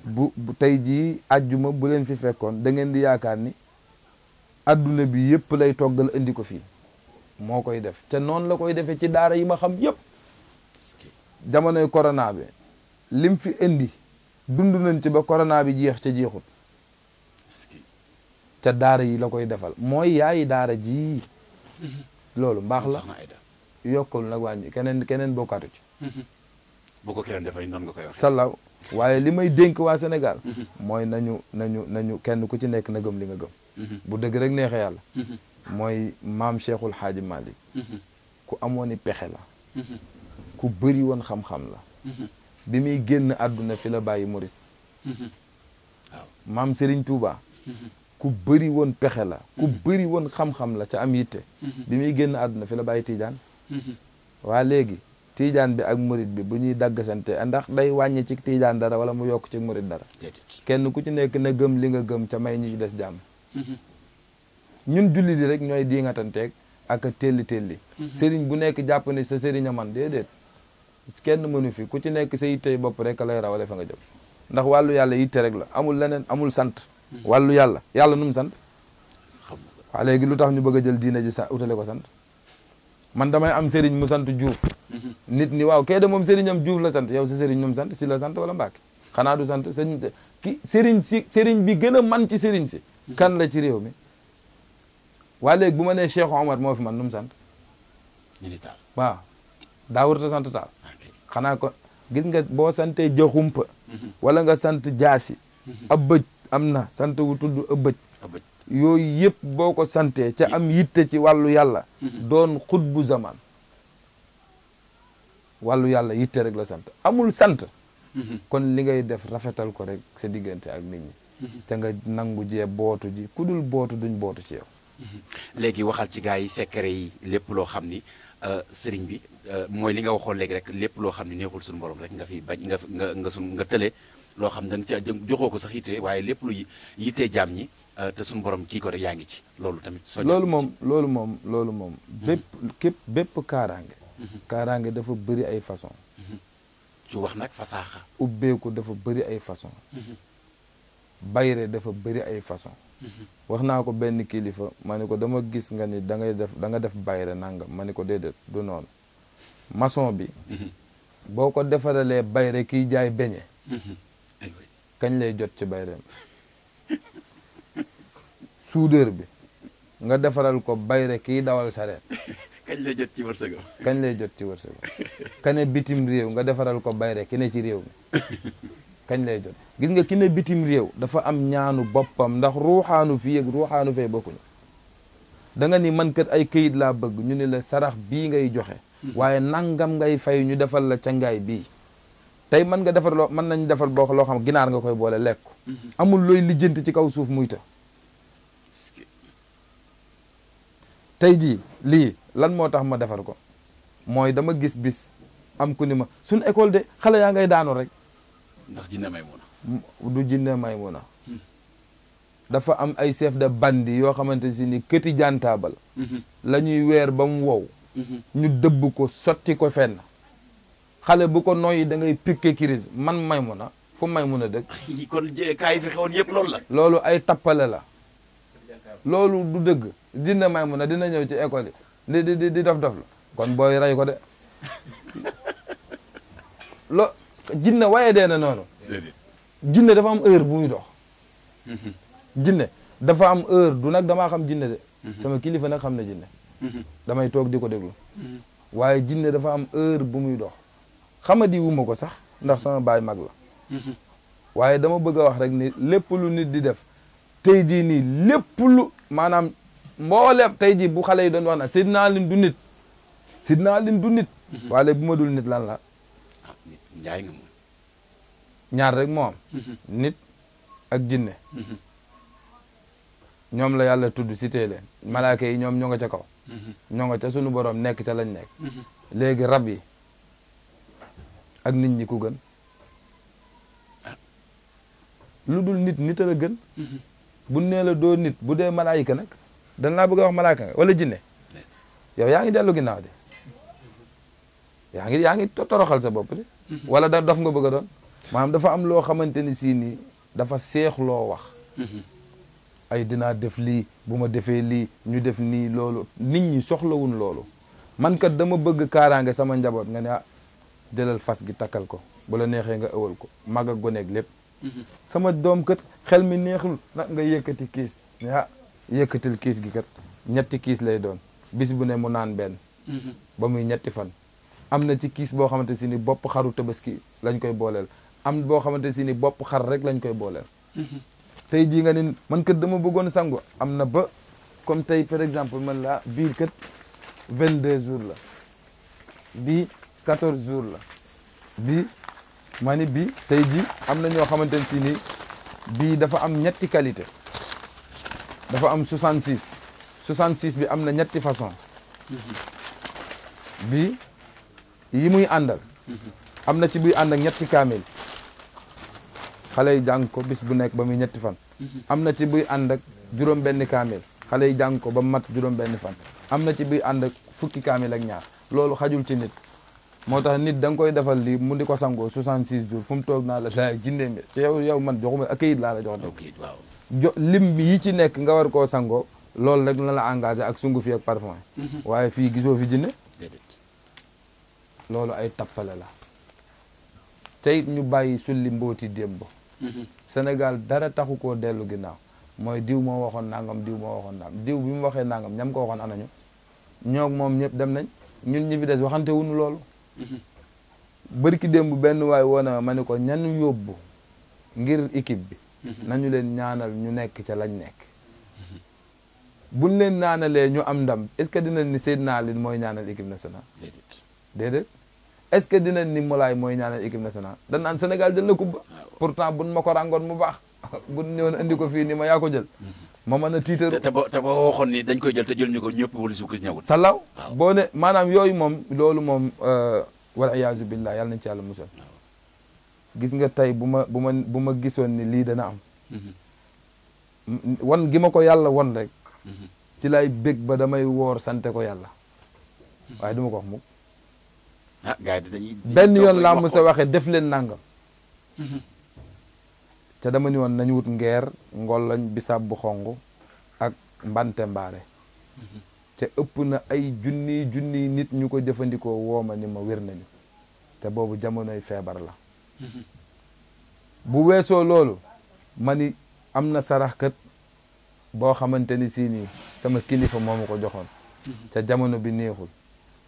S2: bu bu tey jii ajjuma bu leen fi fekkoon da ngeen di yaakaar ni adduna bi yépp lay toggal indi ko fi moo koy def te noonu la koy defee ci daara yi ma xam yëpp jamonoy corona bi lim fi indi dund ci ba corona bi jeex ca jeexul te daara yi la koy defal mooy yaayi daara ji loolu mbaax la yokkul nag waañ keneen keneen bokkaatu
S1: keneen dafay noonu nga koy
S2: waaye li may dénk waa Sénégal mooy nañu nañu nañu kenn ku ci nekk na gëm li nga gëm Mm-hmm. bu dëgg rek neexee yàlla mm-hmm. mooy maam Cheikhul Xaaji Malick mm-hmm. ku amoon i pexe la ku bëri woon xam-xam la bi muy génn àdduna fi la bàyyi murit maam Serigne Touba ku woon pexe la ku bëri woon xam la ca am yitte bi muy génn àdduna fi la bàyyi tiijaan waa léegi tiijaan bi ak murit bi bu ñuy dagg sante ndax day wàññi ci tiijaan dara wala mu yokk ci murit dara kenn ku ci nekk na gëm li nga gëm ca may ñi ci des jàmm ñun julli di rek ñooy diingatanteeg ak telli telli mhm. sëriñ bu nekk jàpp ne sa sëriñ a man déedéet kenn mënu fi ku ci nekk sa yittey bopp rek lay rawale fa nga jëm ndax wàllu yàlla yitte rek la amul leneen amul sant mhm. wàllu yàlla yàlla nu mu sant waaw léegi lu tax ñu bëgg a jël diina ji sa utale ko sant man damay am sëriñ mu sant Juuf mhm. nit ni waaw kee moom sëriñam Juuf la sant yow sa sëriñ nu sant si la sant walla Mbàkke xanaa du sant sëriñ ki sëriñ si sëriñ bi gën a man ci sëriñ si kan la ci réew mi waa léegi bu ma nee Cheikh moo fi man nu mu sant. ñu ni daa warut sant taal. Ah, xanaa ko gis nga boo santee jaxumpa. Mhm. wala nga sant jaasi. Mhm. ab bëj am na sant wu tudd ab bëj. yooyu yëpp boo ko santee ca am yitte ci wàllu yàlla. Mhm. doon xutbu zaman. wàllu yàlla yitte rek la sant amul sant. kon li ngay def rafetal ko rek sa diggante ak nit te nga nangu jee bootu ji ku dul bootu duñ bootu ci yow. Mhm. léegi waxal
S1: ci gars yi secret yi lépp loo xam ni euh, sëriñ bi euh, mooy li nga waxoon léegi rek lépp loo xam ni neexul suñu borom rek nga fi bañ nga nga nga suñ nga tële loo xam da nga ca joxoo ko sax yitte waaye lépp lu yittee jaam ñi euh, te suñ boroom kii ko rek yaa ngi ci loolu tamit. soññee loolu moom
S2: loolu moom loolu moom. bépp képp bépp kaaraange. Mhm. kaaraange dafa bëri ay façon ci mhm. wax nag fasaaxa. ubbeeku dafa bëri ay façon bayre dafa bëri ay façon mhm. wax naa ko benn kilifa ma ne ko dama gis nga ni da def da nga def bayre nangam ma ne ko déedéet du noonu mason bi mhm. boo ko defaralee bayre kiy jaay beñe mhm. kañ lay jot ci bayreem soudeur bi nga defaral ko bayre kiy dawal sareet kañ lay jot ci wërsëgam kañ lay jot ci wërsëgam kane bitim réew nga defaral ko bayre ki ne ci réew mi kañ lay jot gis nga ki ne bitim réew dafa am ñaanu boppam ndax ruuxaanu fii ak ruuxaanu fee bokkuñu da nga ni man kat ay këyit laa bëgg ñu ne la sarax bii ngay joxe hmm. waaye nangam ngay fay ñu defal la cangaay bii tey mën nga defar loo mën nañ defar boo loo xam ginaar nga koy boole lekk hmm. amul looy lijjanti ci kaw suuf muy ta tey jii lii lan moo tax ma defar ko mooy dama gis bis am ku ni ma suñ école de xale yaa ngay daanu rek ndax jinne Maymuna du jinne Maymuna hmm. dafa am ay chef de bande yoo xamante si ni këti jantaabal hmm. la ñuy weer ba mu wow hmm. ñu dëbb ko sotti ko fenn xale bu ko noyyi da ngay piqué crise man Maymuna fu Maymuna dëkk
S1: kon kaay fi xewoon
S2: yëpp loolu loolu ay tappale la loolu du dëgg jinne a dina ñëw ci école yi di di di dof dof la kon booy rey ko de lo jinne waaye dee na noonu. jinne dafa am heure bu muy dox. Mhm. jinne dafa am heure du nag damaa xam de. Mhm. sama kilifa nag xam ne jinne. Mhm. damay toog di ko déglu. waaye jinne dafa am heure bu muy dox. xamadi wu ma ko sax ndax sama baay mag la. waaye dama bëgg a wax rek ni lépp nit di def tey jii nii lépp lu maanaam mboolem tey jii bu xale yi doon wax na Seydina Alioune du nit Seydina Alioune du nit. waaye bu ma dul nit lan la. njaay nga moom ñaar rek moo mhm. nit ak jinne mhm. ñoom la yàlla tudd cité leen malaaka yi ñoom ñoo nga ca kaw mhm. ñoo nga ca sunu borom nekk ca lañ nekk léegi rab yi ak nit ñi ku gën ah. lu dul nit nit a la gën bu nee la doo nit bu dee malaayika nag dan laa bëgg a wax malaaka wala jinne yow yaa ngi dellu ginnaaw de yaa ngi yaa ngi toroxal sa bopp de wala da dof nga bëgg doon maanaam dafa am loo xamante ni si nii dafa seex loo wax ay dinaa def lii bu ma defee lii ñu def nii loolu nit ñi soxlawun loolu man kat dama bëgg kaaraange sama njaboot nga ne ah jëlal fas gi takkal ko bu la neexee nga ëwal ko mag ak goneeg lépp sama doom kat xel mi neexul nag nga yëkkati kiis ne ah, yëkkatil kiis gi kat ñetti kiis lay doon bis bu ne mu naan benn ba muy ñetti fan am na ci kiis boo xamante si ni bopp xaru tabaski lañ koy booleel am boo xamante si ni bopp xar rek lañ koy booleel mhm. tey jii nga ne man kat dama bëggoon sangu am na ba comme tey par exemple man laa biir kat vingt deux jours la bii quatorze jours la bii ma ni bii tey jii am na ñoo xamante si ni bii dafa am ñetti qualité dafa am 66 66 bi am na ñetti façon mhm. bii yi muy andal amna ci buy and ak ñetti kamel xalé yi jang ko bis bu nek ba muy ñetti fan amna ci buy and ak juróom benn kamel xalé yi jang ko ba mat juróom benn fan amna ci buy and ak fukki kamel ak ñaar lolu xajul ci nit motax nit dang koy defal li mu di ko sangoo 66 jours fum tok na la la jinde jindee yow yow man joxuma ak kayit la jox de waaw lim yi ci nek nga war ko sango rek la la engager ak sungu fi ak parfum mhm. waye fi gisoo fi jinne loolu ay tappale la te it ñu bàyyi sulli mbooti démb mhm. Sénégal dara taxu koo dellu ginnaaw mooy diw moo waxoon nangam diw moo waxoon nangam diw bi mu waxee nangam ñam ko waxoon anañu ñoo moom ñëpp dem nañ ñun ñi fi des waxante wuñu loolu mhm. bërki démb benn waay woona ma ni ko ñan yóbbu ngir équipe bi mhm. nañu leen ñaanal ñu nekk ca lañ nekk buñ leen naanalee ñu am ndam est-ce que dinañ ni Seydina Aline mooy ñaanal équipe nationale déedéet est-ce que dina ni Moulay mooy ñaanal équipe nationale dañ naan Sénégal jël na coupe ba ah, pourtant buñ ma ko rangoon mu baax bu buñ ñëwoon andi ko fii ni ma yaa jël mhm. ma mën a tiitar te ba te ba waxoon ni dañ koy jël te jël ñu ko ñëpp
S1: wala su ko ñëwut
S2: salaw boo ne maanaam yooyu moom loolu moom euh, wal iyaazu billah yàlla nañ ci yàlla musal gis nga tey bu ma bu ma bu ma gisoon ni lii dana am mhm. wan gima ko yàlla won rek mhm. ci lay bég ba damay woor sante ko yàlla waaye du ko wax mukk
S1: ah gars yi benn yoon laa mos a
S2: waxee def leen nangam. Mhm. te dama ni woon nañu wut ngeer ngoloñ bisaab bu xong ak mbante mbaare. Mhm. te ëpp na ay junni junni nit ñu ko jëfandikoo woo ma ni ma wér nañu te boobu jamonoy feebar la. Mhm. bu weesoo loolu ma ni am na saraxkat boo xamante ni si sama kilifa moo ko joxoon. ca jamono bi neexul.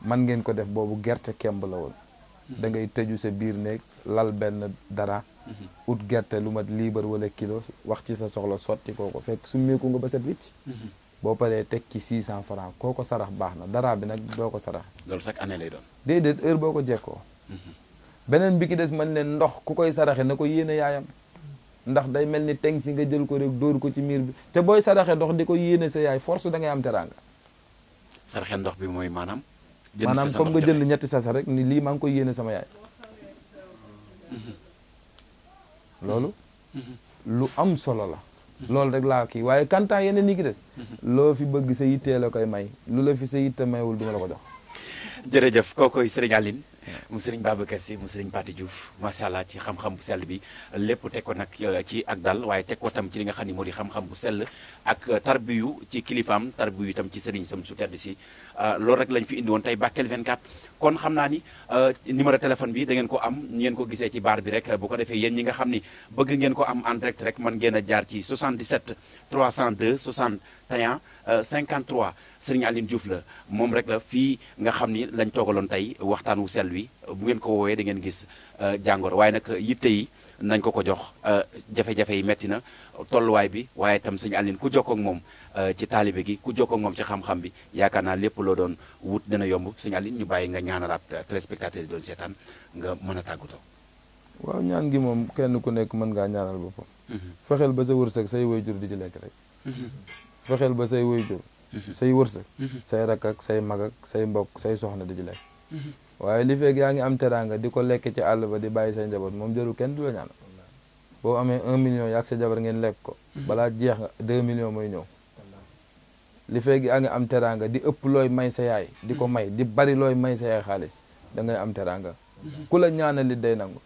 S2: man ngeen ko def boobu gerte kemb la woon mhm. da ngay tëju sa biir néeg lal benn dara mhm. ut gerte lu mat liibar wala kilo wax ci sa soxla sotti kooko fekk summeeku nga ba set wicc mhm. boo paree teg ci 600 francs koo ko sarax baax na dara bi nag doo ko sarax
S1: loolu chaque année lay doon
S2: déedéet heure boo ko jekkoo beneen bi ki des man leen ndox ku koy saraxe na ko yéene yaayam ndax day mel ni teng si nga jël ko rek dóor ko ci miir bi te booy saraxe ndox di ko yéene sa yaay force da am teraanga
S1: saraxe ndox bi mooy maanaam maanaam comme nga jënd ñetti
S2: sasa rek ni lii maa ngi koy yéene sama yaay mhm. loolu mhm. lu am solo la loolu rek laa kii waaye kantaan yeneen ñi ki des mhm. loo fi bëgg sa yittee la koy may lu la fi sa yitte maywul du ma la ko jox
S1: jërëjëf kookoy Serigne Aline mu sëriñ Babacar Sy mu sëriñ Pathé Diouf macha ci xam-xam bu sell bi lépp teg ko nag euh, ci ak dal waaye teg ko tam ci li nga xam ni moo di xam-xam bu sell ak euh, tarbiyu ci kilifaam tarbiyu tam ci sëriñ sam su tedd si euh, loolu rek lañ fi indi woon tey Bakel 24 kon xam naa ni euh, numéro téléphone bi da ngeen ko am ni ngeen ko gisee ci baar bi rek bu ko defee yéen ñi nga xam ni bëgg ngeen ko am en direct rek man ngeen a jaar ci 77 302 61 53 Serigne Aline Diouf la moom rek la fii nga xam ni lañ toogaloon tey waxtaan wu sell wi bu ngeen ko woowee da ngeen gis Euh, jàngoro waaye nag euh, yitte yi nañ ko ko jox euh, jafe-jafe yi metti na tolluwaay bi waaye itam sëñ Aline ku jokkoo ak moom ci taalibe gi ku jokkoo ak moom ci xam-xam bi yaakaar naa lépp loo doon wut dina yomb sëñ Aline ñu bàyyi nga ñaanalaat téléspectateur yi doon seetaan nga
S2: mën a tàggatoo. waaw ñaan gi moom kenn ku nekk mën ngaa ñaanal boppam. Mm-hmm. fexeel ba sa wërsëg say jur di ci lekk mm-hmm. ba say woy mm-hmm. say wërsëg. say rakk say mag ak say mbokk say soxna di ci lekk. waaye li fekk yaa ngi am teraanga di ko lekke ci àll ba di bàyyi sa njaboot moom jëru kenn du la ñaan boo amee un million yaag sa jabar ngeen lekk ko balaa jeex nga deux millions mooy ñëw li fekk yaa am teraanga di ëpp looy may sa yaay di ko may di bari looy may sa yaay xaalis da am teraanga ku la ñaanal li day nangu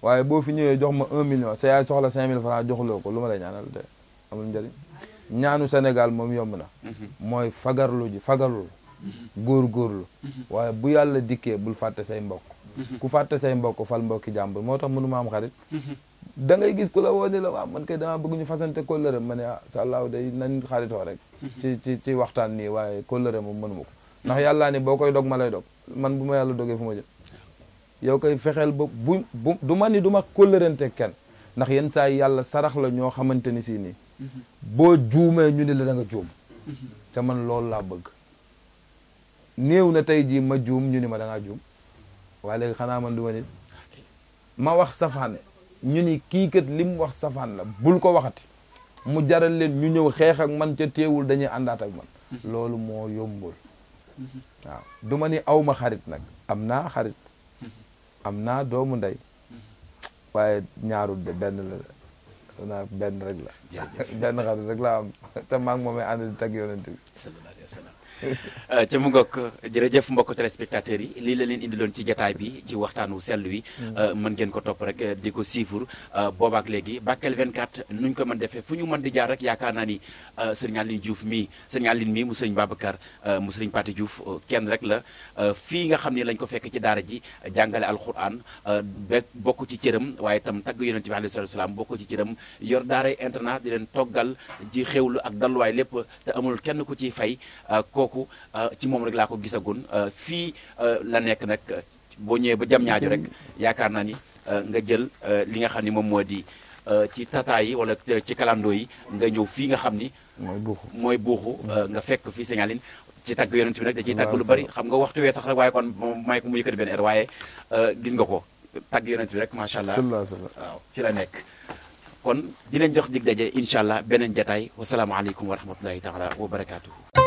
S2: waaye boo fi ñëwee jox ma un million sa yaay soxla cinq mille francs joxuloo ko lu ma la ñaanal de amul njëriñ ñaanu senegal moom yomb na mhm. mooy fagarlu ji fagarlu góor-góorlu mhm. waaye bu yàlla dikkee bul fàtte say mbokk mhm. ku fàtte say mbokk fal mbokki jàmbur moo tax mënuma am xarit mhm. da ngay gis ku la woo la waaw man kay damaa bëgg ñu fasante kóllëre ma ne ah sa allahu day nañ rek ci waxtaan nii waaye kóllëre moom mënuma ko ndax yàllaa ni boo koy dog ma lay dog man bu ma yàlla dogee fu ma jëm yow koy fexeel ba bu du ma ni du mag kóllërante kenn ndax yenn saa yàlla sarax la ñoo xamante ni si nii boo juumee ñu ni la da nga juum te man loolu laa bëgg néew na tey jii ma juum ñu ni ma da juum xanaa man du ma ma wax safaan ñu ni kii kat wax safaan la bul ko waxati mu jaral leen ñu ñëw xeex ak man ca teewul dañuy àndaat ak man mhm. loolu moo yombul mhm. waaw du ma ni aw ma xarit nag am naa xarit mhm. am naa doomu ndey waaye ñaarul de benn la naa benn rek la xarit rek am te maa ngi moomee ànd di tag yonent
S1: Euh, ca mu ngoog jërëjëf mbokk téléspectateurs yi lii la leen indiloon ci jataay bi ci waxtaanu sell wi man mm. euh, geen ko topp rek euh, di ko siifur boobaak léegi Bakel 24 nuñ ko mën defee fu ñu mën di jaar rek yaakaar naa ni sëriñ Aline mii sëriñ mii mu sëriñ Babacar mu sëriñ Paté Diouf kenn rek la fii nga xam ne lañ ko fekk ci daara ji jàngale alquran be bokk ci cëram waaye tam tagg yonent bi alayhi salaatu salaam bokk ci cëram yor daaray internat di leen toggal ji xewlu ak dalluwaay lépp amul kenn ku ciy fay koku euh, ci mom rek euh, euh, la ko gissagun fi la nek nak bo ñe ba jam ñaaju rek yaakar na ni nga jël li nga xamni mom modi di ci tata yi wala ci kalando yi nga ñew fi nga xamni moy buxu moy buxu nga fekk fi Sénégalin ci tagg yonent bi nag da ci tag lu bari xam nga waxtu wee tax rek waye kon may ko mu yëkkati ben er waye gis nga ko yonent bi rek sha allah ci la nek kon di len jox dig inshallah benen jotaay wa salaamu alaykum wa rahmatullahi taala wa barakatuh